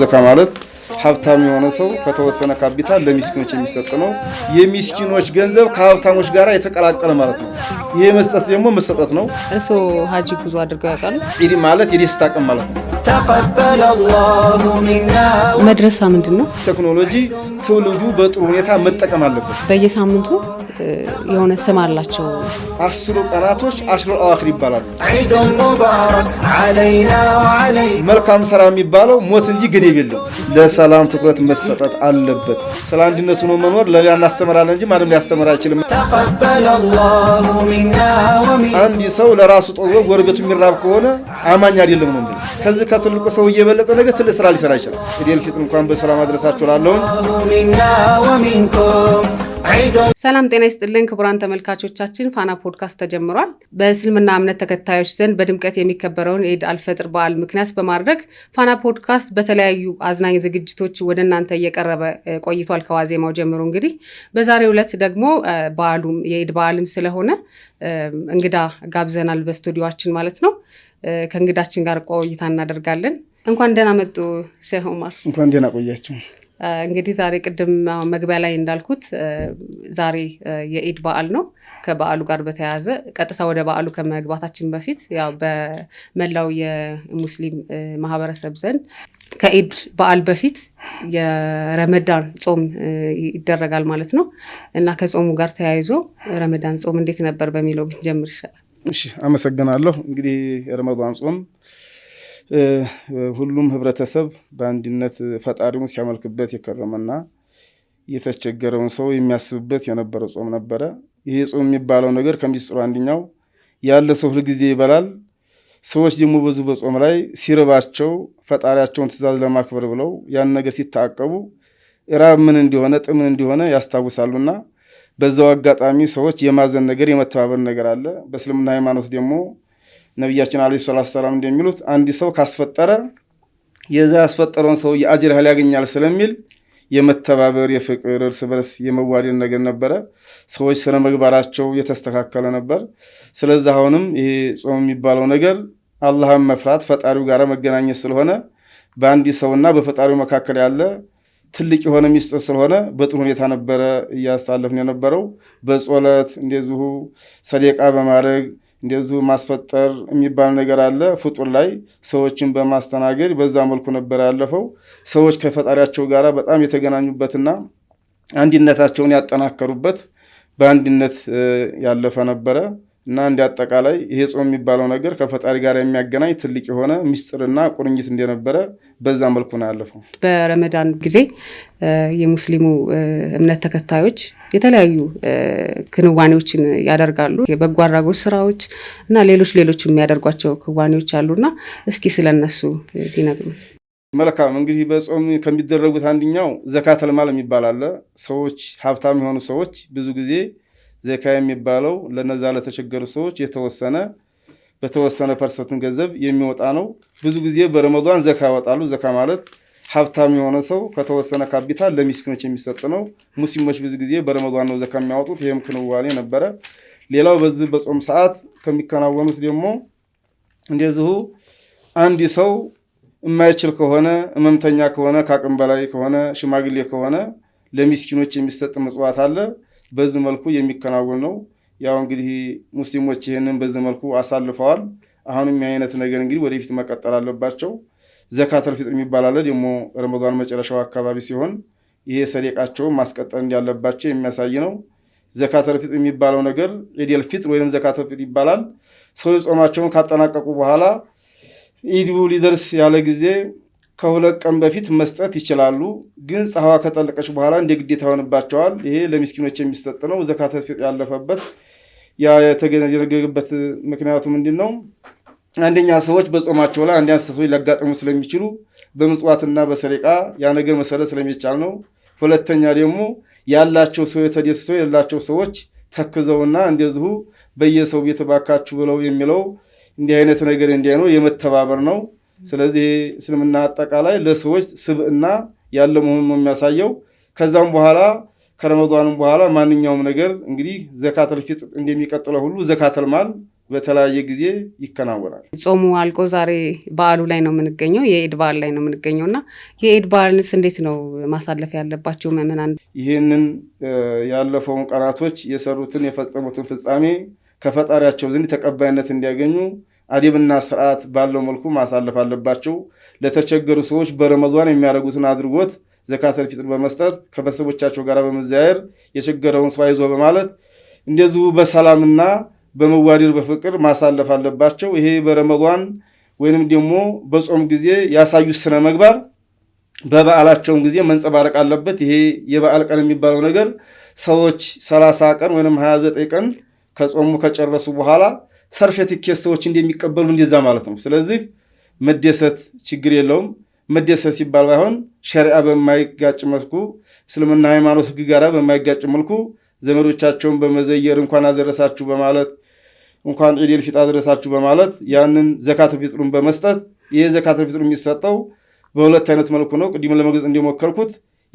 ዘካ ማለት ሀብታም የሆነ ሰው ከተወሰነ ካፒታል ለሚስኪኖች የሚሰጥ ነው። የሚስኪኖች ገንዘብ ከሀብታሞች ጋር የተቀላቀለ ማለት ነው። ይሄ መስጠት ደግሞ መሰጠት ነው። እርስዎ ሀጂ ጉዞ አድርገው ያውቃሉ? ኢድ ማለት የደስታ ቀን ማለት ነው። ተቀበለ ሚና። መድረሳ ምንድን ነው? ቴክኖሎጂ ትውልዱ በጥሩ ሁኔታ መጠቀም አለበት። በየሳምንቱ የሆነ ስም አላቸው። አስሩ ቀናቶች አሽሩ አዋክር ይባላሉ። ዒዱን ሙባረክ ዓለይና ወዓለይ። መልካም ስራ የሚባለው ሞት እንጂ ገደብ የለው። ለሰላም ትኩረት መሰጠት አለበት። ስለ አንድነቱ ነው መኖር። ለሌላ እናስተምራለን እንጂ ማንም ሊያስተምር አይችልም። ተቀበለ ሚና ወሚን። አንድ ሰው ለራሱ ጦሎ ጎረቤቱ የሚራብ ከሆነ አማኝ አይደለም ነው ከዚህ ከትልቁ ሰው እየበለጠ ነገር ትልቅ ስራ ሊሰራ ይችላል። ኢዴል ፊጥር እንኳን በሰላም አድረሳችሁ ላለሁን ሰላም ጤና ይስጥልን ክቡራን ተመልካቾቻችን፣ ፋና ፖድካስት ተጀምሯል። በእስልምና እምነት ተከታዮች ዘንድ በድምቀት የሚከበረውን የኢድ አልፈጥር በዓል ምክንያት በማድረግ ፋና ፖድካስት በተለያዩ አዝናኝ ዝግጅቶች ወደ እናንተ እየቀረበ ቆይቷል ከዋዜማው ጀምሮ። እንግዲህ በዛሬው ዕለት ደግሞ በዓሉም የኢድ በዓልም ስለሆነ እንግዳ ጋብዘናል በስቱዲዮችን ማለት ነው። ከእንግዳችን ጋር ቆይታ እናደርጋለን። እንኳን ደህና መጡ ሼህ ኡማር። እንኳን ደህና ቆያችሁ። እንግዲህ ዛሬ ቅድም መግቢያ ላይ እንዳልኩት ዛሬ የኢድ በዓል ነው። ከበዓሉ ጋር በተያያዘ ቀጥታ ወደ በዓሉ ከመግባታችን በፊት ያው በመላው የሙስሊም ማህበረሰብ ዘንድ ከኢድ በዓል በፊት የረመዳን ጾም ይደረጋል ማለት ነው እና ከጾሙ ጋር ተያይዞ ረመዳን ጾም እንዴት ነበር በሚለው ብንጀምር ይሻላል። እሺ አመሰግናለሁ። እንግዲህ የረመዳን ጾም ሁሉም ህብረተሰብ በአንድነት ፈጣሪውን ሲያመልክበት የከረመና የተቸገረውን ሰው የሚያስብበት የነበረ ጾም ነበረ። ይህ ጾም የሚባለው ነገር ከሚስጥሩ አንድኛው ያለ ሰው ሁልጊዜ ይበላል። ሰዎች ደግሞ በዙ በጾም ላይ ሲርባቸው ፈጣሪያቸውን ትእዛዝ ለማክበር ብለው ያን ነገር ሲታቀቡ ራብ ምን እንዲሆነ ጥምን እንዲሆነ ያስታውሳሉና በዛው አጋጣሚ ሰዎች የማዘን ነገር የመተባበር ነገር አለ። በእስልምና ሃይማኖት ደግሞ ነቢያችን አለ ሰላቱ ሰላም እንደሚሉት አንድ ሰው ካስፈጠረ የዛ ያስፈጠረውን ሰው የአጅር ያህል ያገኛል ስለሚል የመተባበር የፍቅር እርስ በርስ የመዋደድ ነገር ነበረ። ሰዎች ስነ ምግባራቸው የተስተካከለ ነበር። ስለዚ አሁንም ይሄ ጾም የሚባለው ነገር አላህን መፍራት ፈጣሪው ጋር መገናኘት ስለሆነ በአንድ ሰውና በፈጣሪው መካከል ያለ ትልቅ የሆነ ሚስጥር ስለሆነ በጥሩ ሁኔታ ነበረ እያሳለፍን የነበረው። በጾለት እንደዚሁ ሰደቃ በማድረግ እንደዚሁ ማስፈጠር የሚባል ነገር አለ። ፍጡር ላይ ሰዎችን በማስተናገድ በዛ መልኩ ነበር ያለፈው። ሰዎች ከፈጣሪያቸው ጋር በጣም የተገናኙበትና አንድነታቸውን ያጠናከሩበት በአንድነት ያለፈ ነበረ። እና እንዲ አጠቃላይ ይሄ ጾም የሚባለው ነገር ከፈጣሪ ጋር የሚያገናኝ ትልቅ የሆነ ምስጢርና ቁርኝት እንደነበረ በዛ መልኩ ነው ያለፈው። በረመዳን ጊዜ የሙስሊሙ እምነት ተከታዮች የተለያዩ ክንዋኔዎችን ያደርጋሉ። የበጎ አድራጎት ስራዎች እና ሌሎች ሌሎች የሚያደርጓቸው ክዋኔዎች አሉና እስኪ ስለነሱ ቢነግሩ። መልካም እንግዲህ በጾም ከሚደረጉት አንድኛው ዘካተልማል የሚባል አለ። ሰዎች ሀብታም የሆኑ ሰዎች ብዙ ጊዜ ዘካ የሚባለው ለነዛ ለተቸገሩ ሰዎች የተወሰነ በተወሰነ ፐርሰንትን ገንዘብ የሚወጣ ነው። ብዙ ጊዜ በረመዷን ዘካ ያወጣሉ። ዘካ ማለት ሀብታም የሆነ ሰው ከተወሰነ ካፒታል ለሚስኪኖች የሚሰጥ ነው። ሙስሊሞች ብዙ ጊዜ በረመዷን ነው ዘካ የሚያወጡት። ይህም ክንዋኔ ነበረ። ሌላው በዚህ በጾም ሰዓት ከሚከናወኑት ደግሞ እንደዚሁ አንድ ሰው የማይችል ከሆነ ህመምተኛ ከሆነ ከአቅም በላይ ከሆነ ሽማግሌ ከሆነ ለሚስኪኖች የሚሰጥ ምጽዋት አለ። በዚህ መልኩ የሚከናወን ነው። ያው እንግዲህ ሙስሊሞች ይህንን በዚህ መልኩ አሳልፈዋል። አሁንም የአይነት ነገር እንግዲህ ወደፊት መቀጠል አለባቸው። ዘካተል ፊጥር የሚባል አለ ደግሞ ረመዷን መጨረሻው አካባቢ ሲሆን ይሄ ሰደቃቸውን ማስቀጠል እንዳለባቸው የሚያሳይ ነው። ዘካተል ፊጥር የሚባለው ነገር ኢደል ፊጥር ወይም ዘካተል ፊጥር ይባላል። ሰው ጾማቸውን ካጠናቀቁ በኋላ ኢዱ ሊደርስ ያለ ጊዜ ከሁለት ቀን በፊት መስጠት ይችላሉ። ግን ፀሐዋ ከጠለቀች በኋላ እንደ ግዴታ ይሆንባቸዋል። ይሄ ለሚስኪኖች የሚሰጥ ነው። ዘካተ ፊጥ ያለፈበት ያ ምክንያቱ ምንድን ነው? አንደኛ ሰዎች በጾማቸው ላይ አንዳንድ ስህተቶች ሊያጋጥሙ ስለሚችሉ በምጽዋትና በሰሪቃ ያ ነገር መሰረት ስለሚቻል ነው። ሁለተኛ ደግሞ ያላቸው ሰው የተደስቶ የሌላቸው ሰዎች ተክዘውና እንደዚሁ በየሰው ቤት ባካችሁ ብለው የሚለው እንዲህ አይነት ነገር እንዲህ ነው የመተባበር ነው። ስለዚህ እስልምና አጠቃላይ ለሰዎች ስብዕና ያለ መሆኑን ነው የሚያሳየው። ከዛም በኋላ ከረመዷንም በኋላ ማንኛውም ነገር እንግዲህ ዘካተል ፊጥር እንደሚቀጥለው ሁሉ ዘካተል ማል በተለያየ ጊዜ ይከናወናል። ጾሙ አልቆ ዛሬ በዓሉ ላይ ነው የምንገኘው፣ የኢድ በዓል ላይ ነው የምንገኘው እና የኢድ በዓልንስ እንዴት ነው ማሳለፍ ያለባቸው ምዕመናን? ይህንን ያለፈውን ቀናቶች የሰሩትን የፈጸሙትን ፍጻሜ ከፈጣሪያቸው ዘንድ ተቀባይነት እንዲያገኙ አዲብና ስርዓት ባለው መልኩ ማሳለፍ አለባቸው። ለተቸገሩ ሰዎች በረመዟን የሚያደርጉትን አድርጎት ዘካተል ፊጥር በመስጠት ከቤተሰቦቻቸው ጋር በመዘያየር የቸገረውን ሰው አይዞ በማለት እንደዚሁ በሰላምና በመዋደር በፍቅር ማሳለፍ አለባቸው። ይሄ በረመዷን ወይንም ደግሞ በጾም ጊዜ ያሳዩት ስነ መግባር በበዓላቸውም ጊዜ መንጸባረቅ አለበት። ይሄ የበዓል ቀን የሚባለው ነገር ሰዎች ሰላሳ ቀን ወይም 29 ቀን ከጾሙ ከጨረሱ በኋላ ሰርፌትኬት ሰዎች እንደሚቀበሉ እንደዛ ማለት ነው። ስለዚህ መደሰት ችግር የለውም። መደሰት ሲባል ባይሆን ሸሪዓ በማይጋጭ መልኩ እስልምና ሃይማኖት ህግ ጋር በማይጋጭ መልኩ ዘመዶቻቸውን በመዘየር እንኳን አደረሳችሁ በማለት እንኳን ዒድ አልፊጥር አደረሳችሁ በማለት ያንን ዘካተ ፊጥሩን በመስጠት ይህ ዘካተ ፊጥሩ የሚሰጠው በሁለት አይነት መልኩ ነው። ቅድም ለመግለጽ እንደሞከርኩት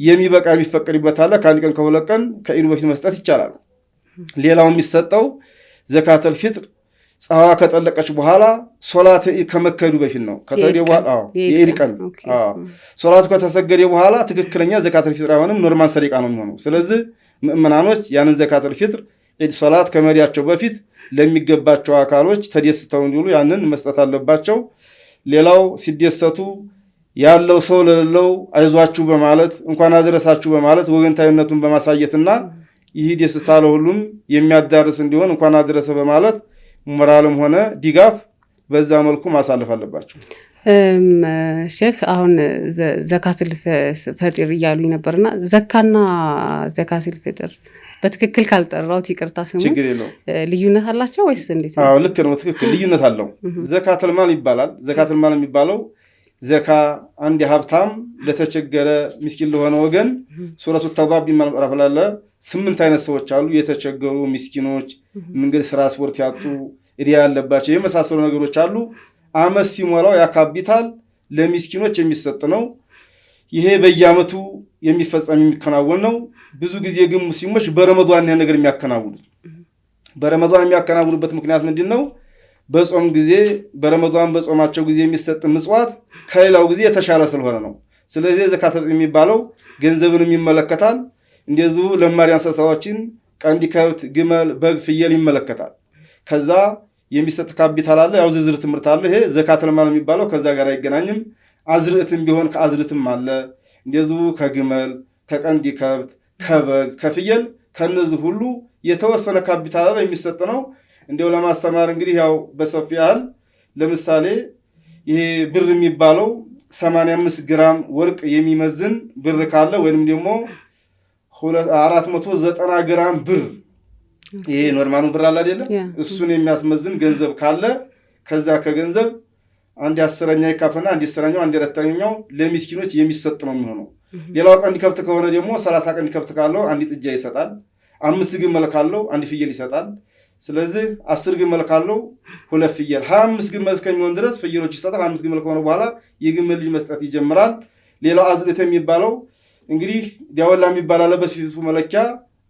የሚበቃ የሚፈቀድበት አለ። ከአንድ ቀን ከሁለት ቀን ከኢዱ በፊት መስጠት ይቻላል። ሌላው የሚሰጠው ዘካተል ፊጥር ፀሐዋ ከጠለቀች በኋላ ሶላት ከመከዱ በፊት ነው። የኢድ ቀን ሶላቱ ከተሰገደ በኋላ ትክክለኛ ዘካተል ፊጥር አይሆንም፣ ኖርማል ሰሪቃ ነው የሚሆነው። ስለዚህ ምእመናኖች ያንን ዘካተል ፊጥር ኢድ ሶላት ከመሪያቸው በፊት ለሚገባቸው አካሎች ተደስተው እንዲሉ ያንን መስጠት አለባቸው። ሌላው ሲደሰቱ ያለው ሰው ለሌለው አይዟችሁ በማለት እንኳን አደረሳችሁ በማለት ወገንታዊነቱን በማሳየትና ይህ ደስታ ለሁሉም የሚያዳርስ እንዲሆን እንኳን አደረሰ በማለት ሞራልም ሆነ ድጋፍ በዛ መልኩ ማሳለፍ አለባቸው። ሼክ አሁን ዘካትል ፈጢር እያሉ ነበርና ዘካና ዘካትል ፈጢር በትክክል ካልጠራሁት ይቅርታ፣ ስሙ ልዩነት አላቸው ወይስ እንዴት? አዎ ልክ ነው፣ ትክክል ልዩነት አለው። ዘካትል ማል ይባላል። ዘካትል ማል የሚባለው ዘካ አንድ ሀብታም ለተቸገረ ምስኪን ለሆነ ወገን ሱረቱ ተውባ ቢማል ስምንት አይነት ሰዎች አሉ። የተቸገሩ ምስኪኖች፣ መንገድ ስራ፣ ስፖርት ያጡ ዕዳ ያለባቸው የመሳሰሉ ነገሮች አሉ። ዓመት ሲሞላው ያካቢታል ለሚስኪኖች የሚሰጥ ነው። ይሄ በየአመቱ የሚፈጸም የሚከናወን ነው። ብዙ ጊዜ ግን ሙስሊሞች በረመዷን ይህን ነገር የሚያከናውኑት በረመዷን የሚያከናውኑበት ምክንያት ምንድን ነው? በጾም ጊዜ በረመዷን በጾማቸው ጊዜ የሚሰጥ ምጽዋት ከሌላው ጊዜ የተሻለ ስለሆነ ነው። ስለዚህ ዘካተ የሚባለው ገንዘብንም ይመለከታል። እንደዚሁ ለማሪያን እንስሳዎችን ቀንድ ከብት፣ ግመል፣ በግ፣ ፍየል ይመለከታል። ከዛ የሚሰጥ ካፒታል አለ። ያው ዝርዝር ትምህርት አለ። ይሄ ዘካተልማል የሚባለው ከዛ ጋር አይገናኝም። አዝርዕትም ቢሆን ከአዝርዕትም አለ እንደዚሁ ከግመል ከቀንዲ ከብት ከበግ ከፍየል ከነዚህ ሁሉ የተወሰነ ካፒታል አለ የሚሰጥ ነው። እንዲያው ለማስተማር እንግዲህ ያው በሰፊ ያህል ለምሳሌ ይሄ ብር የሚባለው 85 ግራም ወርቅ የሚመዝን ብር ካለ ወይንም ደግሞ 490 ግራም ብር ይሄ ኖርማኑ ብር አለ አይደለ? እሱን የሚያስመዝን ገንዘብ ካለ ከዛ ከገንዘብ አንድ አስረኛ ይካፈና አንድ አስረኛው አንድ አራተኛው ለሚስኪኖች የሚሰጥ ነው የሚሆነው። ሌላው ቀንድ ከብት ከሆነ ደግሞ ሰላሳ ቀንድ ከብት ካለው አንድ ጥጃ ይሰጣል። አምስት ግመል ካለው አንድ ፍየል ይሰጣል። ስለዚህ አስር ግመል ካለው ሁለት ፍየል፣ ሀያ አምስት ግመል እስከሚሆን ድረስ ፍየሎች ይሰጣል። አምስት ግመል ከሆነ በኋላ የግመል ልጅ መስጠት ይጀምራል። ሌላው አዝልት የሚባለው እንግዲህ ዲያወላ የሚባል አለ በፊቱ መለኪያ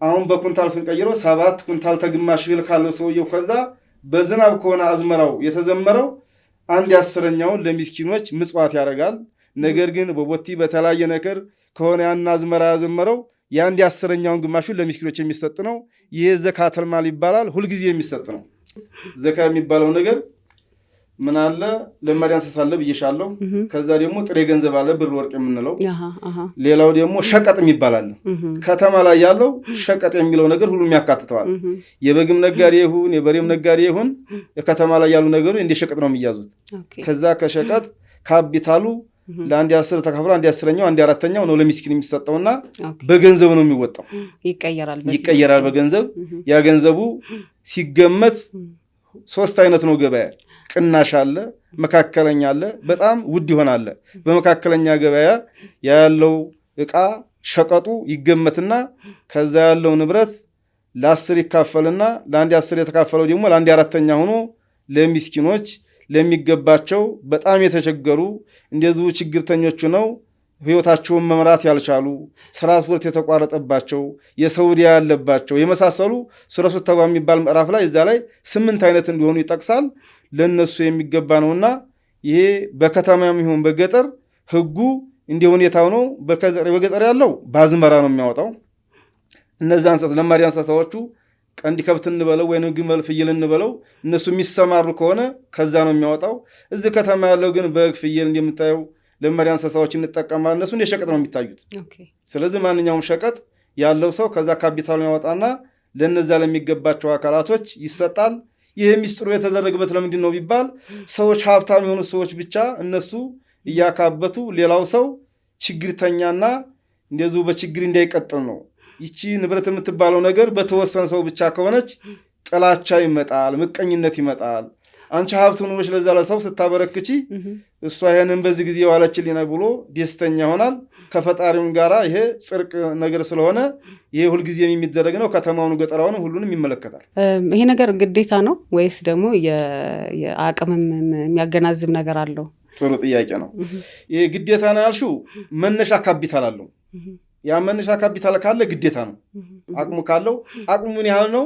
አሁን በኩንታል ስንቀይረው ሰባት ኩንታል ተግማሽ ቢል ካለው ሰውየው ከዛ በዝናብ ከሆነ አዝመራው የተዘመረው አንድ ያስረኛውን ለሚስኪኖች ምጽዋት ያደርጋል። ነገር ግን በቦቲ በተለያየ ነገር ከሆነ ያን አዝመራ ያዘመረው የአንድ አስረኛውን ግማሹ ለሚስኪኖች የሚሰጥ ነው። ይህ ዘካተልማል ይባላል። ሁልጊዜ የሚሰጥ ነው። ዘካ የሚባለው ነገር ምን አለ ለማዳ እንስሳ አለ ብዬሻለሁ። ከዛ ደግሞ ጥሬ ገንዘብ አለ ብር ወርቅ የምንለው። ሌላው ደግሞ ሸቀጥ የሚባላለ። ከተማ ላይ ያለው ሸቀጥ የሚለው ነገር ሁሉም ያካትተዋል። የበግም ነጋዴ ይሁን የበሬም ነጋዴ ይሁን ከተማ ላይ ያሉ ነገሩ እንደ ሸቀጥ ነው የሚያዙት። ከዛ ከሸቀጥ ካፒታሉ ለአንድ አስር ተካፍሎ አንድ አስረኛው አንድ አራተኛው ነው ለሚስኪን የሚሰጠውና በገንዘብ ነው የሚወጣው። ይቀየራል በገንዘብ ያ ገንዘቡ ሲገመት ሶስት አይነት ነው ገበያ ቅናሽ አለ፣ መካከለኛ አለ፣ በጣም ውድ ይሆናል። በመካከለኛ ገበያ ያለው እቃ ሸቀጡ ይገመትና ከዛ ያለው ንብረት ለአስር ይካፈልና ለአንድ አስር የተካፈለው ደግሞ ለአንድ አራተኛ ሆኖ ለሚስኪኖች ለሚገባቸው በጣም የተቸገሩ እንደዚሁ ችግርተኞቹ ነው ህይወታቸውን መምራት ያልቻሉ ስራ የተቋረጠባቸው የሰው ያለባቸው የመሳሰሉ ሱረቱ ተውባ የሚባል ምዕራፍ ላይ እዛ ላይ ስምንት አይነት እንዲሆኑ ይጠቅሳል። ለእነሱ የሚገባ ነውና ይሄ በከተማም ይሁን በገጠር ህጉ እንደ ሁኔታው ነው። በገጠር ያለው በአዝመራ ነው የሚያወጣው። እነዚ እንስሳ ለማዳ እንስሳዎቹ ቀንድ ከብት እንበለው ወይም ግመል፣ ፍየል እንበለው እነሱ የሚሰማሩ ከሆነ ከዛ ነው የሚያወጣው። እዚህ ከተማ ያለው ግን በግ፣ ፍየል እንደምታየው ለመመሪያ እንስሳዎች እንጠቀማለን። እነሱ እንደ ሸቀጥ ነው የሚታዩት። ስለዚህ ማንኛውም ሸቀጥ ያለው ሰው ከዛ ካፒታሉን ያወጣና ለነዛ ለሚገባቸው አካላቶች ይሰጣል። ይህ ሚስጥሩ የተደረገበት ለምንድን ነው ቢባል ሰዎች ሀብታም የሆኑ ሰዎች ብቻ እነሱ እያካበቱ ሌላው ሰው ችግርተኛና እንደዚሁ በችግር እንዳይቀጥል ነው። ይቺ ንብረት የምትባለው ነገር በተወሰነ ሰው ብቻ ከሆነች ጥላቻ ይመጣል፣ ምቀኝነት ይመጣል። አንቺ ሀብት ውበሽ ለዛ ለሰው ስታበረክቺ እሷ ይህንን በዚህ ጊዜ ዋለችልኝ ብሎ ደስተኛ ይሆናል። ከፈጣሪውም ጋራ ይሄ ጽርቅ ነገር ስለሆነ ይሄ ሁልጊዜም የሚደረግ ነው። ከተማውን፣ ገጠራውን ሁሉንም ይመለከታል። ይሄ ነገር ግዴታ ነው ወይስ ደግሞ የአቅምም የሚያገናዝብ ነገር አለው? ጥሩ ጥያቄ ነው። ይሄ ግዴታ ነው ያልሽው መነሻ ካፒታል አለው ያ መነሻ ካፒታል ካለ ግዴታ ነው። አቅሙ ካለው አቅሙ ምን ያህል ነው?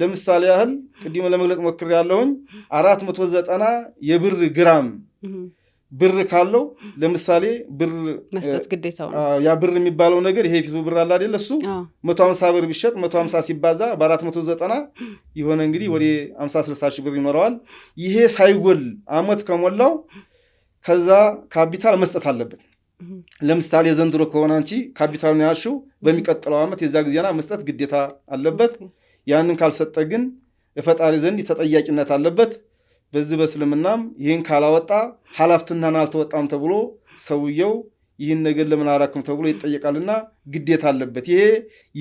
ለምሳሌ ያህል ቅድም ለመግለጽ ሞክር ያለውኝ አራት መቶ ዘጠና የብር ግራም ብር ካለው ለምሳሌ ብር መስጠት ግዴታ ያ ብር የሚባለው ነገር ይሄ ፊቱ ብር አለ አይደል? እሱ መቶ ሀምሳ ብር ቢሸጥ መቶ ሀምሳ ሲባዛ በአራት መቶ ዘጠና የሆነ እንግዲህ ወደ ሀምሳ ስልሳ ሺህ ብር ይኖረዋል። ይሄ ሳይጎል አመት ከሞላው ከዛ ካፒታል መስጠት አለብን። ለምሳሌ የዘንድሮ ከሆነ አንቺ ካፒታሉን ያልሽው በሚቀጥለው ዓመት የዛ ጊዜና መስጠት ግዴታ አለበት። ያንን ካልሰጠ ግን የፈጣሪ ዘንድ ተጠያቂነት አለበት። በዚህ በእስልምናም ይህን ካላወጣ ሀላፍትናን አልተወጣም ተብሎ ሰውየው ይህን ነገር ለምን አላረክም ተብሎ ይጠየቃልና ግዴታ አለበት። ይሄ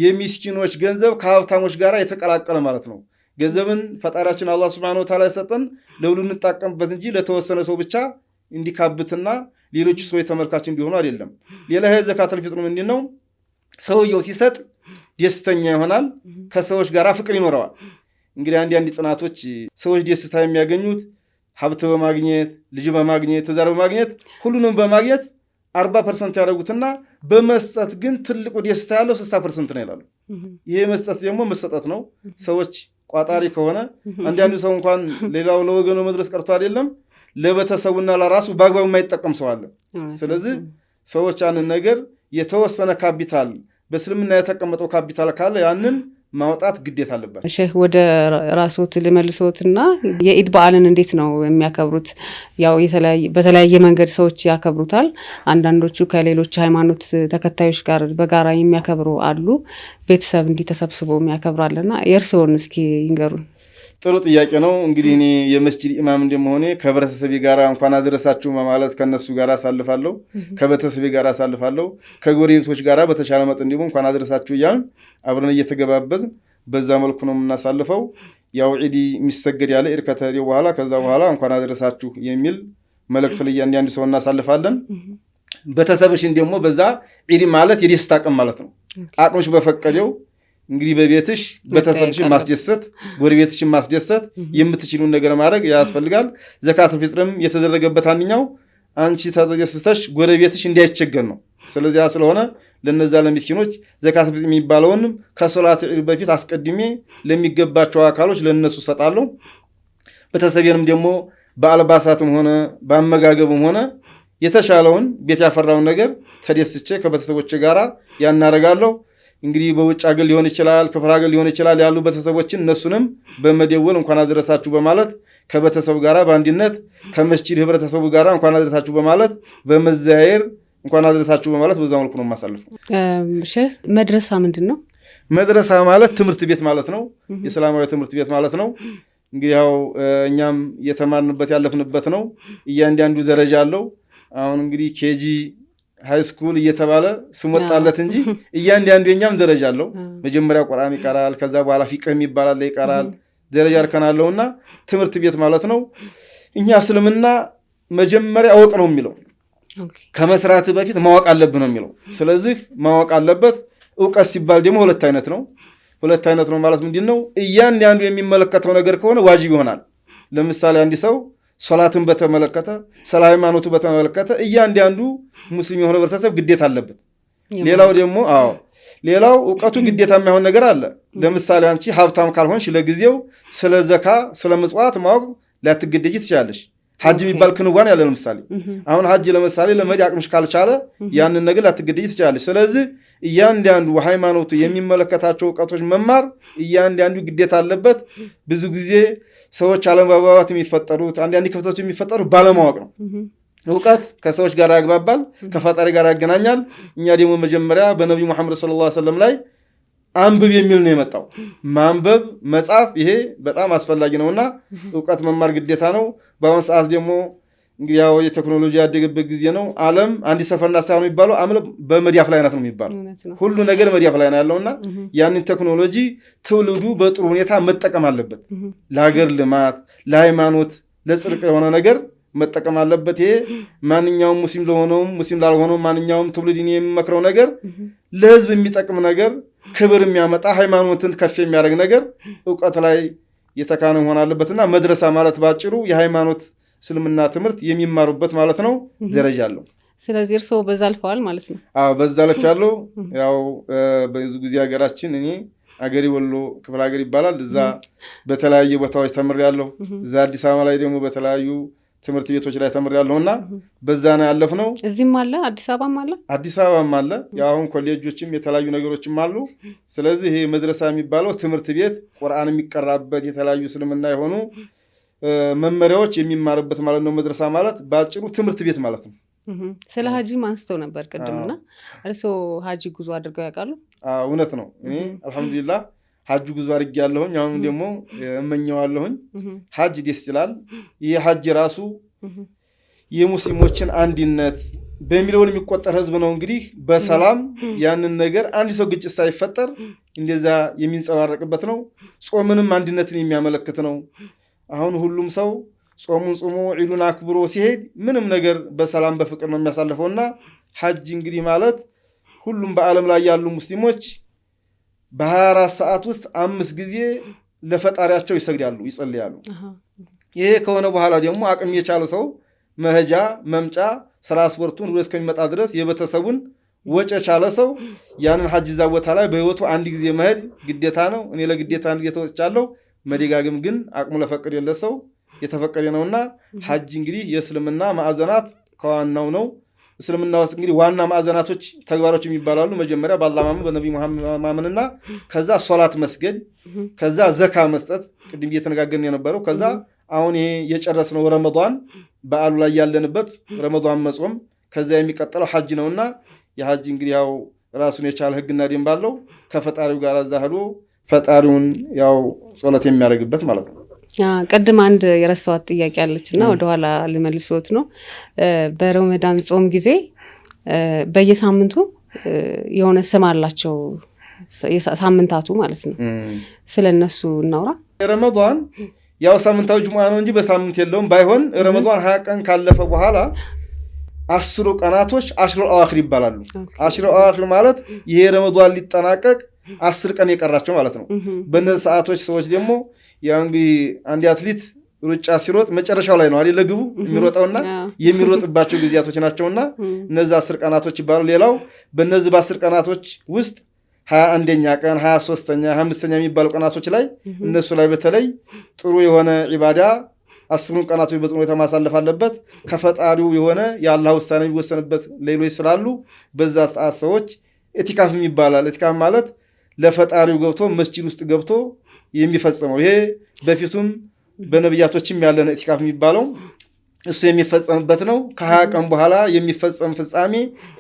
የሚስኪኖች ገንዘብ ከሀብታሞች ጋር የተቀላቀለ ማለት ነው። ገንዘብን ፈጣሪያችን አላህ ሱብሃነሁ ወተዓላ የሰጠን ለሁሉ እንጠቀምበት እንጂ ለተወሰነ ሰው ብቻ እንዲካብትና ሌሎች ሰዎች ተመልካች እንዲሆኑ አይደለም። ሌላ ይህ ዘካተል ፊጥር ምንድን ነው? ሰውየው ሲሰጥ ደስተኛ ይሆናል፣ ከሰዎች ጋር ፍቅር ይኖረዋል። እንግዲህ አንዳንድ ጥናቶች ሰዎች ደስታ የሚያገኙት ሀብት በማግኘት ልጅ በማግኘት ትዳር በማግኘት ሁሉንም በማግኘት አርባ ፐርሰንት ያደረጉትና በመስጠት ግን ትልቁ ደስታ ያለው ስልሳ ፐርሰንት ነው ይላሉ። ይሄ መስጠት ደግሞ መሰጠት ነው። ሰዎች ቋጣሪ ከሆነ አንዳንዱ ሰው እንኳን ሌላው ለወገኑ መድረስ ቀርቶ አይደለም ለቤተሰቡና ለራሱ በአግባቡ የማይጠቀም ሰው አለ። ስለዚህ ሰዎች ያንን ነገር የተወሰነ ካፒታል በእስልምና የተቀመጠው ካፒታል ካለ ያንን ማውጣት ግዴታ አለበት። ሼህ ወደ ራስዎት ልመልሶትና የኢድ በዓልን እንዴት ነው የሚያከብሩት? ያው በተለያየ መንገድ ሰዎች ያከብሩታል። አንዳንዶቹ ከሌሎች ሃይማኖት ተከታዮች ጋር በጋራ የሚያከብሩ አሉ። ቤተሰብ እንዲህ ተሰብስቦ የሚያከብራለና የእርስዎን እስኪ ይንገሩን። ጥሩ ጥያቄ ነው። እንግዲህ እኔ የመስጅድ ኢማም እንደመሆኔ ከህብረተሰቤ ጋር እንኳን አደረሳችሁ ማለት ከነሱ ጋር አሳልፋለሁ፣ ከቤተሰቤ ጋር አሳልፋለሁ፣ ከጎረቤቶች ጋር በተቻለ መጠን እንዲሁም እንኳን አደረሳችሁ እያልን አብረን እየተገባበዝን በዛ መልኩ ነው የምናሳልፈው። ያው ዒድ የሚሰገድ ያለ ዒድ ከተሄደ በኋላ ከዛ በኋላ እንኳን አደረሳችሁ የሚል መልእክት ለእያንዳንዱ ሰው እናሳልፋለን። ቤተሰብሽን ደግሞ በዛ ዒድ ማለት የደስታ አቅም ማለት ነው አቅምሽ በፈቀደው እንግዲህ በቤትሽ ቤተሰብሽን ማስደሰት ጎረቤትሽን ማስደሰት የምትችሉን ነገር ማድረግ ያስፈልጋል። ዘካተ ፊጥርም የተደረገበት አንኛው አንቺ ተደስተሽ ጎረቤትሽ እንዳይቸገር ነው። ስለዚያ ስለሆነ ለነዛ ለሚስኪኖች ዘካተ ፊጥር የሚባለውንም ከሶላት በፊት አስቀድሜ ለሚገባቸው አካሎች ለነሱ ሰጣለሁ። ቤተሰቤንም ደግሞ በአልባሳትም ሆነ በአመጋገብም ሆነ የተሻለውን ቤት ያፈራውን ነገር ተደስቼ ከቤተሰቦች ጋር ያናረጋለሁ። እንግዲህ በውጭ ሀገር ሊሆን ይችላል፣ ክፍለ ሀገር ሊሆን ይችላል ያሉ ቤተሰቦችን እነሱንም በመደወል እንኳን አደረሳችሁ በማለት ከቤተሰቡ ጋር በአንድነት ከመስጂድ ህብረተሰቡ ጋር እንኳን አደረሳችሁ በማለት በመዘያየር እንኳን አደረሳችሁ በማለት በዛ መልኩ ነው የማሳልፈው። መድረሳ ምንድን ነው? መድረሳ ማለት ትምህርት ቤት ማለት ነው። የሰላማዊ ትምህርት ቤት ማለት ነው። እንግዲህ ያው እኛም የተማርንበት ያለፍንበት ነው። እያንዳንዱ ደረጃ አለው። አሁን እንግዲህ ኬጂ ሃይስኩል እየተባለ ስም ወጣለት እንጂ እያንዳንዱ የኛም ደረጃ አለው። መጀመሪያ ቁርአን ይቀራል፣ ከዛ በኋላ ፊቅህ ይባላል ይቀራል። ደረጃ እርከን እና ትምህርት ቤት ማለት ነው። እኛ እስልምና መጀመሪያ እወቅ ነው የሚለው ከመስራት በፊት ማወቅ አለብህ ነው የሚለው። ስለዚህ ማወቅ አለበት። እውቀት ሲባል ደግሞ ሁለት አይነት ነው። ሁለት አይነት ነው ማለት ምንድን ነው? እያንዳንዱ የሚመለከተው ነገር ከሆነ ዋጅብ ይሆናል። ለምሳሌ አንድ ሰው ሶላትን በተመለከተ ስለ ሃይማኖቱ በተመለከተ እያንዳንዱ ሙስሊም የሆነ ህብረተሰብ ግዴታ አለበት። ሌላው ደግሞ አዎ ሌላው እውቀቱ ግዴታ የሚሆን ነገር አለ። ለምሳሌ አንቺ ሀብታም ካልሆንሽ ለጊዜው ስለ ዘካ፣ ስለ ምጽዋት ማወቅ ላትገደጅ ትችላለሽ። ሀጅ የሚባል ክንዋን ያለ ለምሳሌ አሁን ሀጅ ለምሳሌ ለመድ አቅምሽ ካልቻለ ያንን ነገር ላትገደጅ ትችላለች። ስለዚህ እያንዳንዱ ሃይማኖቱ የሚመለከታቸው እውቀቶች መማር እያንዳንዱ ግዴታ አለበት ብዙ ጊዜ ሰዎች አለመግባባት የሚፈጠሩት አንዳንድ ክፍተቶች የሚፈጠሩ ባለማወቅ ነው። እውቀት ከሰዎች ጋር ያግባባል፣ ከፈጣሪ ጋር ያገናኛል። እኛ ደግሞ መጀመሪያ በነቢዩ መሐመድ ሰለላሁ ዐለይሂ ወሰለም ላይ አንብብ የሚል ነው የመጣው። ማንበብ መጻፍ፣ ይሄ በጣም አስፈላጊ ነውና እውቀት መማር ግዴታ ነው። በአሁኑ ሰዓት ደግሞ ያው የቴክኖሎጂ ያደገበት ጊዜ ነው። ዓለም አንዲት ሰፈና ሳይሆን የሚባለው ዓለም በመዲያፍ ላይ ናት ነው የሚባለው። ሁሉ ነገር መዲያፍ ላይ ነው እና ያንን ቴክኖሎጂ ትውልዱ በጥሩ ሁኔታ መጠቀም አለበት። ለሀገር ልማት፣ ለሃይማኖት፣ ለጽድቅ የሆነ ነገር መጠቀም አለበት። ይሄ ማንኛውም ሙስሊም ለሆነውም ሙስሊም ላልሆነውም ማንኛውም ትውልድ የሚመክረው ነገር ለህዝብ የሚጠቅም ነገር፣ ክብር የሚያመጣ ሃይማኖትን ከፍ የሚያደርግ ነገር እውቀት ላይ የተካነ መሆን እና መድረሳ ማለት ባጭሩ የሃይማኖት ስልምና ትምህርት የሚማሩበት ማለት ነው ደረጃ አለው። ስለዚህ እርስዎ በዛ አልፈዋል ማለት ነው? አዎ በዛ አልፌያለሁ። ያው ብዙ ጊዜ ሀገራችን እኔ አገሪ ወሎ ክፍለ ሀገር ይባላል። እዛ በተለያየ ቦታዎች ተምሬያለሁ። እዛ አዲስ አበባ ላይ ደግሞ በተለያዩ ትምህርት ቤቶች ላይ ተምሬያለሁ እና በዛ ነው ያለፍነው። እዚህም አለ አዲስ አበባም አለ አዲስ አበባም አለ። አሁን ኮሌጆችም የተለያዩ ነገሮችም አሉ። ስለዚህ ይሄ መድረሳ የሚባለው ትምህርት ቤት ቁርአን የሚቀራበት የተለያዩ እስልምና የሆኑ መመሪያዎች የሚማርበት ማለት ነው። መድረሳ ማለት በአጭሩ ትምህርት ቤት ማለት ነው። ስለ ሀጂ አንስተው ነበር ቅድምና፣ እርስዎ ሀጂ ጉዞ አድርገው ያውቃሉ? እውነት ነው። እኔ አልሐምዱሊላ ሀጅ ጉዞ አድርጌ ያለሁኝ አሁን ደግሞ እመኘዋለሁኝ። ሀጅ ደስ ይላል። ይህ ሀጅ ራሱ የሙስሊሞችን አንድነት በሚሊዮን የሚቆጠር ህዝብ ነው እንግዲህ በሰላም ያንን ነገር አንድ ሰው ግጭት ሳይፈጠር እንደዛ የሚንጸባረቅበት ነው። ጾምንም አንድነትን የሚያመለክት ነው። አሁን ሁሉም ሰው ጾሙን ጾሞ ዒዱን አክብሮ ሲሄድ ምንም ነገር በሰላም በፍቅር ነው የሚያሳልፈውና ሐጅ እንግዲህ ማለት ሁሉም በዓለም ላይ ያሉ ሙስሊሞች በ24 ሰዓት ውስጥ አምስት ጊዜ ለፈጣሪያቸው ይሰግዳሉ፣ ይጸልያሉ። ይሄ ከሆነ በኋላ ደግሞ አቅም የቻለ ሰው መሄጃ መምጫ ስራ አስወርቱን ሁለት እስከሚመጣ ድረስ የቤተሰቡን ወጪ የቻለ ሰው ያንን ሐጅ እዛ ቦታ ላይ በህይወቱ አንድ ጊዜ መሄድ ግዴታ ነው። እኔ ለግዴታ አንድ ጊዜ ተወጥቻለሁ መደጋግም ግን አቅሙ የለ ሰው የተፈቀደ ነውና ሐጅ እንግዲህ የእስልምና ማዕዘናት ከዋናው ነው። እስልምና ውስጥ እንግዲህ ዋና ማዕዘናቶች ተግባሮች የሚባላሉ መጀመሪያ በአላህ ማመን በነቢ ማመንና ከዛ ሶላት መስገድ፣ ከዛ ዘካ መስጠት ቅድም እየተነጋገርን የነበረው ከዛ አሁን ይሄ የጨረስነው ረመዷን በዓሉ ላይ ያለንበት ረመዷን መጾም፣ ከዛ የሚቀጥለው ሐጅ ነውና የሐጅ እንግዲህ ያው ራሱን የቻለ ህግና ደንብ አለው ከፈጣሪው ጋር አዛህዶ ፈጣሪውን ያው ጸሎት የሚያደርግበት ማለት ነው። ቅድም አንድ የረሳኋት ጥያቄ አለች እና ወደኋላ ልመልሶት ነው። በረመዳን ጾም ጊዜ በየሳምንቱ የሆነ ስም አላቸው ሳምንታቱ ማለት ነው። ስለ እነሱ እናውራ። ረመዷን ያው ሳምንታዊ ጅሙዓ ነው እንጂ በሳምንት የለውም። ባይሆን ረመዷን ሀያ ቀን ካለፈ በኋላ አስሩ ቀናቶች አሽሮ አዋክር ይባላሉ። አሽሮ አዋክር ማለት ይሄ ረመዷን ሊጠናቀቅ አስር ቀን የቀራቸው ማለት ነው። በእነዚህ ሰዓቶች ሰዎች ደግሞ ያው እንግዲህ አንድ አትሌት ሩጫ ሲሮጥ መጨረሻው ላይ ነው አይደል ለግቡ የሚሮጠውና የሚሮጥባቸው ጊዜያቶች ናቸውና እነዚህ አስር ቀናቶች ይባሉ። ሌላው በእነዚህ በአስር ቀናቶች ውስጥ ሀያ አንደኛ ቀን ሀያ ሶስተኛ ሀያ አምስተኛ የሚባሉ ቀናቶች ላይ እነሱ ላይ በተለይ ጥሩ የሆነ ዒባዳ አስሩን ቀናቶች በጥሩ ሁኔታ ማሳለፍ አለበት። ከፈጣሪው የሆነ የአላህ ውሳኔ የሚወሰንበት ሌሎች ስላሉ በዛ ሰዓት ሰዎች ኢቲካፍም ይባላል። ኢቲካፍ ማለት ለፈጣሪው ገብቶ መስጂድ ውስጥ ገብቶ የሚፈጽመው ይሄ በፊቱም በነቢያቶችም ያለን ኢዕቲካፍ የሚባለው እሱ የሚፈጸምበት ነው። ከሀያ ቀን በኋላ የሚፈጸም ፍጻሜ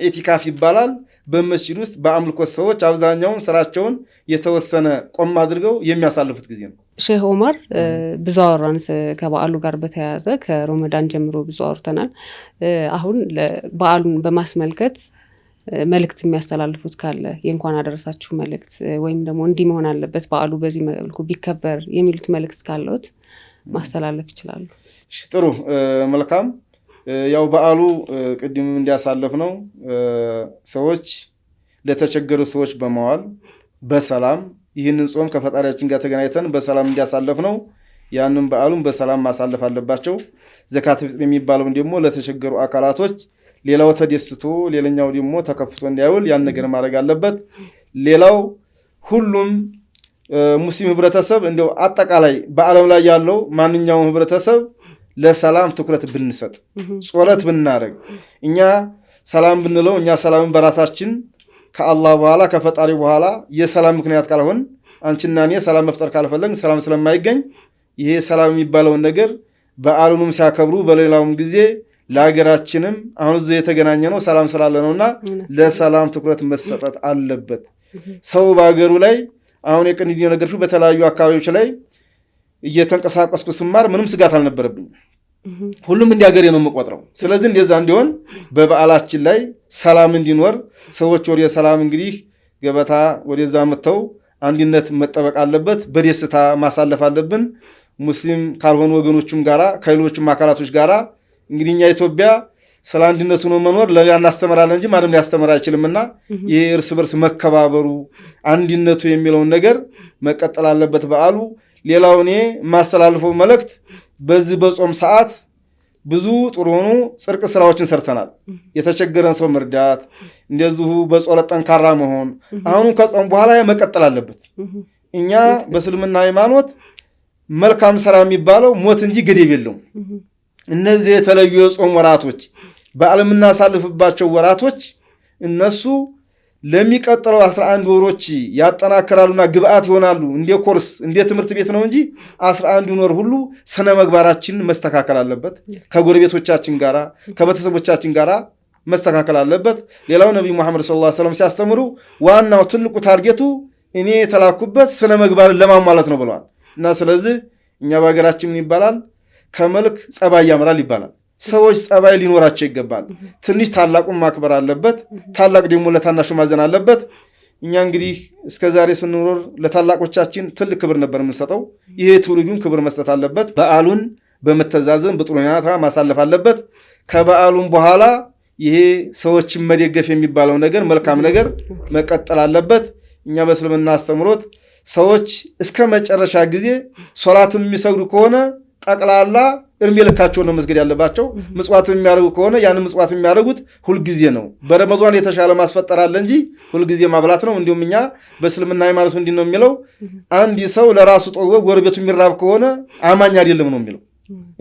ኢዕቲካፍ ይባላል። በመስጂድ ውስጥ በአምልኮት ሰዎች አብዛኛውን ስራቸውን የተወሰነ ቆም አድርገው የሚያሳልፉት ጊዜ ነው። ሼህ ኦማር ብዙ አወራን። ከበዓሉ ጋር በተያያዘ ከሮመዳን ጀምሮ ብዙ አውርተናል። አሁን በዓሉን በማስመልከት መልእክት የሚያስተላልፉት ካለ የእንኳን አደረሳችሁ መልእክት ወይም ደግሞ እንዲህ መሆን አለበት በዓሉ በዚህ መልኩ ቢከበር የሚሉት መልእክት ካለዎት ማስተላለፍ ይችላሉ። ጥሩ መልካም። ያው በዓሉ ቅድም እንዲያሳለፍ ነው ሰዎች ለተቸገሩ ሰዎች በመዋል በሰላም ይህንን ጾም ከፈጣሪያችን ጋር ተገናኝተን በሰላም እንዲያሳለፍ ነው። ያንን በዓሉን በሰላም ማሳለፍ አለባቸው። ዘካት ፍጥር የሚባለውን ደግሞ ለተቸገሩ አካላቶች ሌላው ተደስቶ ሌላኛው ደግሞ ተከፍቶ እንዳይውል ያን ነገር ማድረግ አለበት። ሌላው ሁሉም ሙስሊም ህብረተሰብ እንዲያው አጠቃላይ በዓለም ላይ ያለው ማንኛውም ህብረተሰብ ለሰላም ትኩረት ብንሰጥ፣ ጾረት ብናደርግ፣ እኛ ሰላም ብንለው እኛ ሰላምን በራሳችን ከአላህ በኋላ ከፈጣሪ በኋላ የሰላም ምክንያት ካልሆን አንቺና እኔ ሰላም መፍጠር ካልፈለግን ሰላም ስለማይገኝ ይሄ ሰላም የሚባለውን ነገር በዓሉንም ሲያከብሩ በሌላውም ጊዜ ለሀገራችንም አሁን እዚህ የተገናኘ ነው ሰላም ስላለ ነውና ለሰላም ትኩረት መሰጠት አለበት። ሰው በሀገሩ ላይ አሁን የቅንድ ነገሮች በተለያዩ አካባቢዎች ላይ እየተንቀሳቀስኩ ስማር ምንም ስጋት አልነበረብኝም። ሁሉም እንዲ ሀገሬ ነው የምቆጥረው። ስለዚህ እንደዛ እንዲሆን በበዓላችን ላይ ሰላም እንዲኖር ሰዎች ወደ ሰላም እንግዲህ ገበታ ወደዛ መጥተው አንድነት መጠበቅ አለበት። በደስታ ማሳለፍ አለብን። ሙስሊም ካልሆኑ ወገኖችም ጋራ ከሌሎችም አካላቶች ጋራ እንግዲህ እኛ ኢትዮጵያ ስለ አንድነቱ ነው መኖር ለናስተምራለን እንጂ ማንም ሊያስተምር አይችልምና ይህ እርስ በርስ መከባበሩ አንድነቱ የሚለውን ነገር መቀጠል አለበት በዓሉ። ሌላው እኔ የማስተላልፈው መልእክት በዚህ በጾም ሰዓት ብዙ ጥሩ ሆኑ ጽድቅ ስራዎችን ሰርተናል። የተቸገረን ሰው መርዳት፣ እንደዚሁ በጾለት ጠንካራ መሆን አሁኑ ከጾም በኋላ መቀጠል አለበት። እኛ በእስልምና ሃይማኖት መልካም ስራ የሚባለው ሞት እንጂ ገደብ የለውም። እነዚህ የተለዩ የጾም ወራቶች በዓል የምናሳልፍባቸው ወራቶች እነሱ ለሚቀጥለው አስራ አንድ ወሮች ያጠናክራሉና ግብአት ይሆናሉ። እንደ ኮርስ እንደ ትምህርት ቤት ነው እንጂ 11 ወር ሁሉ ስነ ምግባራችን መስተካከል አለበት። ከጎረቤቶቻችን ጋራ ከቤተሰቦቻችን ጋራ መስተካከል አለበት። ሌላው ነቢዩ መሐመድ ሰለላሁ ዐለይሂ ወሰለም ሲያስተምሩ ዋናው ትልቁ ታርጌቱ እኔ የተላኩበት ስነ መግባርን ለማሟላት ነው ብለዋል። እና ስለዚህ እኛ በሀገራችን ምን ይባላል ከመልክ ጸባይ ያምራል ይባላል። ሰዎች ጸባይ ሊኖራቸው ይገባል። ትንሽ ታላቁን ማክበር አለበት፣ ታላቅ ደግሞ ለታናሹ ማዘን አለበት። እኛ እንግዲህ እስከ ዛሬ ስንኖር ለታላቆቻችን ትልቅ ክብር ነበር የምንሰጠው። ይሄ ትውልዱን ክብር መስጠት አለበት። በዓሉን በመተዛዘን በጥሩ ሁኔታ ማሳለፍ አለበት። ከበዓሉም በኋላ ይሄ ሰዎችን መደገፍ የሚባለው ነገር መልካም ነገር መቀጠል አለበት። እኛ በእስልምና አስተምሮት ሰዎች እስከ መጨረሻ ጊዜ ሶላትም የሚሰግዱ ከሆነ ጠቅላላ እድሜ ልካቸው ነው መስገድ ያለባቸው። ምጽዋት የሚያደርጉ ከሆነ ያን ምጽዋት የሚያደርጉት ሁልጊዜ ነው። በረመዟን የተሻለ ማስፈጠር አለ እንጂ ሁልጊዜ ማብላት ነው። እንዲሁም እኛ በእስልምና ሃይማኖቱ እንዲህ ነው የሚለው፣ አንድ ሰው ለራሱ ጠግቦ ጎረቤቱ የሚራብ ከሆነ አማኝ አይደለም ነው የሚለው።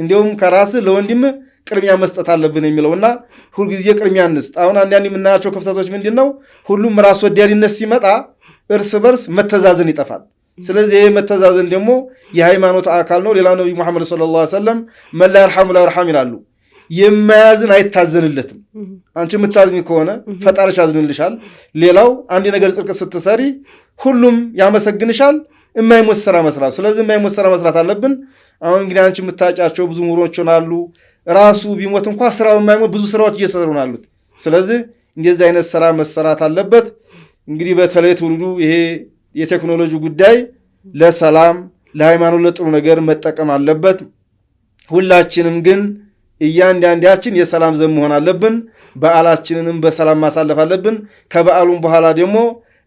እንዲሁም ከራስ ለወንድም ቅድሚያ መስጠት አለብን የሚለው እና ሁልጊዜ ቅድሚያ እንስጥ። አሁን አንዳንድ የምናያቸው ክፍተቶች ምንድን ነው? ሁሉም ራስ ወዳድነት ሲመጣ እርስ በርስ መተዛዘን ይጠፋል። ስለዚህ ይህ መተዛዘን ደግሞ የሃይማኖት አካል ነው። ሌላ ነቢ መሐመድ ሰለላሁ ዐለይሂ ወሰለም መላ ይርሐሙ ላ ይርሐም ይላሉ። የማያዝን አይታዘንለትም። አንቺ የምታዝኝ ከሆነ ፈጣሪሽ ያዝንልሻል። ሌላው አንድ ነገር ጽድቅ ስትሰሪ ሁሉም ያመሰግንሻል። የማይሞት ስራ መስራት፣ ስለዚህ የማይሞት ስራ መስራት አለብን። አሁን እንግዲህ አንቺ የምታጫቸው ብዙ ምሁሮችን አሉ። ራሱ ቢሞት እንኳ ስራው የማይሞት ብዙ ስራዎች እየሰሩ ናሉት። ስለዚህ እንደዚህ አይነት ስራ መሰራት አለበት። እንግዲህ በተለይ ትውልዱ ይሄ የቴክኖሎጂ ጉዳይ ለሰላም፣ ለሃይማኖት፣ ለጥሩ ነገር መጠቀም አለበት። ሁላችንም ግን እያንዳንዳችን የሰላም ዘብ መሆን አለብን። በዓላችንንም በሰላም ማሳለፍ አለብን። ከበዓሉም በኋላ ደግሞ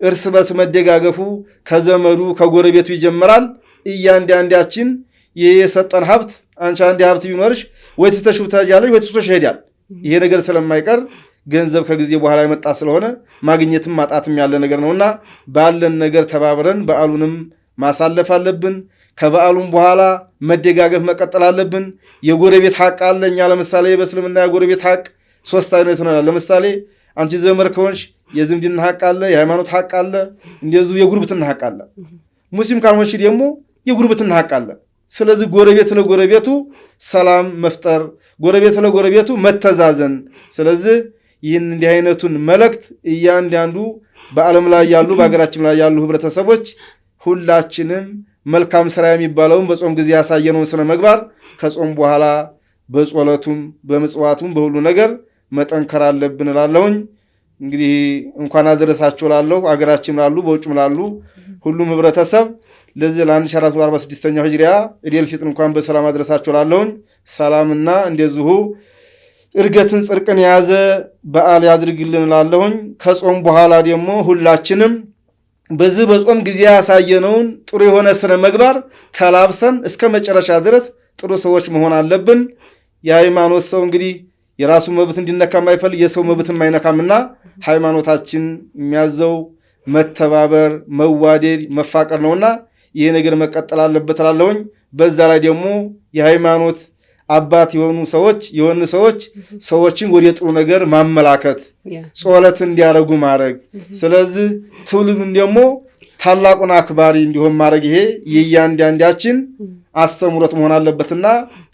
እርስ በርስ መደጋገፉ ከዘመዱ ከጎረቤቱ ይጀምራል። እያንዳንዳችን የሰጠን ሀብት አንቺ አንድ ሀብት ቢኖርሽ ወይ ትተሽው ትሄጃለሽ ወይ ትቶ ይሄዳል። ይሄ ነገር ስለማይቀር ገንዘብ ከጊዜ በኋላ የመጣ ስለሆነ ማግኘትም ማጣትም ያለ ነገር ነውና ባለን ነገር ተባብረን በዓሉንም ማሳለፍ አለብን። ከበዓሉም በኋላ መደጋገፍ መቀጠል አለብን። የጎረቤት ሀቅ አለ። እኛ ለምሳሌ በእስልምና የጎረቤት ሀቅ ሶስት አይነት ነው። ለምሳሌ አንቺ ዘመድ ከሆንሽ የዝምድና ሀቅ አለ፣ የሃይማኖት ሀቅ አለ፣ እንደዚሁ የጉርብትና ሀቅ አለ። ሙስሊም ካልሆንሽ ደግሞ የጉርብትና ሀቅ አለ። ስለዚህ ጎረቤት ለጎረቤቱ ሰላም መፍጠር፣ ጎረቤት ለጎረቤቱ መተዛዘን ስለዚህ ይህን እንዲህ አይነቱን መልእክት እያንዳንዱ በዓለም ላይ ያሉ በሀገራችን ላይ ያሉ ህብረተሰቦች ሁላችንም መልካም ስራ የሚባለውን በጾም ጊዜ ያሳየነውን ስነ ምግባር ከጾም በኋላ በጾለቱም በምጽዋቱም በሁሉ ነገር መጠንከር አለብን እላለሁኝ። እንግዲህ እንኳን አደረሳችሁ ላለሁ አገራችን ላሉ በውጭም ላሉ ሁሉም ህብረተሰብ ለዚህ ለ1446ኛው ሂጅሪያ ኢድ አል ፊጥር እንኳን በሰላም አደረሳችሁ ላለሁኝ። ሰላምና እንደዚሁ እርገትን ጽርቅን የያዘ በዓል ያድርግልን እላለሁኝ። ከጾም በኋላ ደግሞ ሁላችንም በዚህ በጾም ጊዜ ያሳየነውን ጥሩ የሆነ ስነ ምግባር ተላብሰን እስከ መጨረሻ ድረስ ጥሩ ሰዎች መሆን አለብን። የሃይማኖት ሰው እንግዲህ የራሱ መብት እንዲነካ የማይፈልግ የሰው መብትን አይነካምና ሃይማኖታችን የሚያዘው መተባበር፣ መዋደድ፣ መፋቀር ነውና ይሄ ነገር መቀጠል አለበት እላለሁኝ። በዛ ላይ ደግሞ የሃይማኖት አባት የሆኑ ሰዎች የሆኑ ሰዎች ሰዎችን ወደ ጥሩ ነገር ማመላከት ጸሎት እንዲያደርጉ ማድረግ፣ ስለዚህ ትውልድን ደግሞ ታላቁን አክባሪ እንዲሆን ማድረግ ይሄ የእያንዳንዳችን አስተምሮት መሆን አለበትና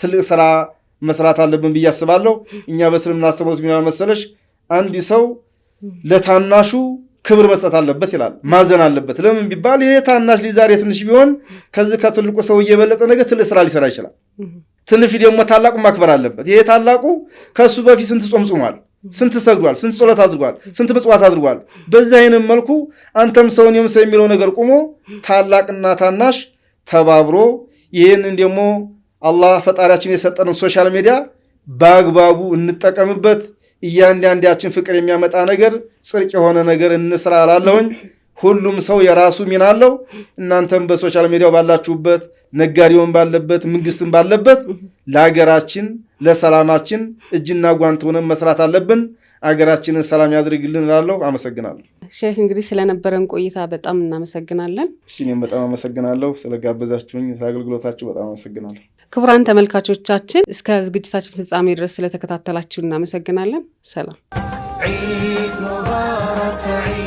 ትልቅ ስራ መስራት አለብን ብዬ አስባለሁ። እኛ በእስልምና አስተምሮት ሚና መሰለሽ አንድ ሰው ለታናሹ ክብር መስጠት አለበት ይላል። ማዘን አለበት። ለምን ቢባል ይሄ ታናሽ ሊዛሬ ትንሽ ቢሆን ከዚህ ከትልቁ ሰው እየበለጠ ነገር ትልቅ ስራ ሊሰራ ይችላል። ትንሹ ደግሞ ታላቁ ማክበር አለበት። ይሄ ታላቁ ከእሱ በፊት ስንት ጾም ጾሟል፣ ስንት ሰግዷል፣ ስንት ጸሎት አድርጓል፣ ስንት ምጽዋት አድርጓል። በዚህ አይነት መልኩ አንተም ሰው እኔም ሰው የሚለው ነገር ቁሞ ታላቅና ታናሽ ተባብሮ ይህንን ደግሞ አላህ ፈጣሪያችን የሰጠንን ሶሻል ሚዲያ በአግባቡ እንጠቀምበት። እያንዳንዳችን ፍቅር የሚያመጣ ነገር፣ ጽርቅ የሆነ ነገር እንስራ እላለሁኝ። ሁሉም ሰው የራሱ ሚና አለው። እናንተም በሶሻል ሚዲያው ባላችሁበት ነጋዴውን ባለበት መንግስትም ባለበት ለሀገራችን ለሰላማችን እጅና ጓንት ሆነን መስራት አለብን። አገራችንን ሰላም ያድርግልን እላለሁ። አመሰግናለሁ። ሼህ እንግዲህ ስለነበረን ቆይታ በጣም እናመሰግናለን። እሺ እኔም በጣም አመሰግናለሁ ስለጋበዛችሁኝ፣ ስለአገልግሎታችሁ በጣም አመሰግናለሁ። ክቡራን ተመልካቾቻችን እስከ ዝግጅታችን ፍጻሜ ድረስ ስለተከታተላችሁ እናመሰግናለን። ሰላም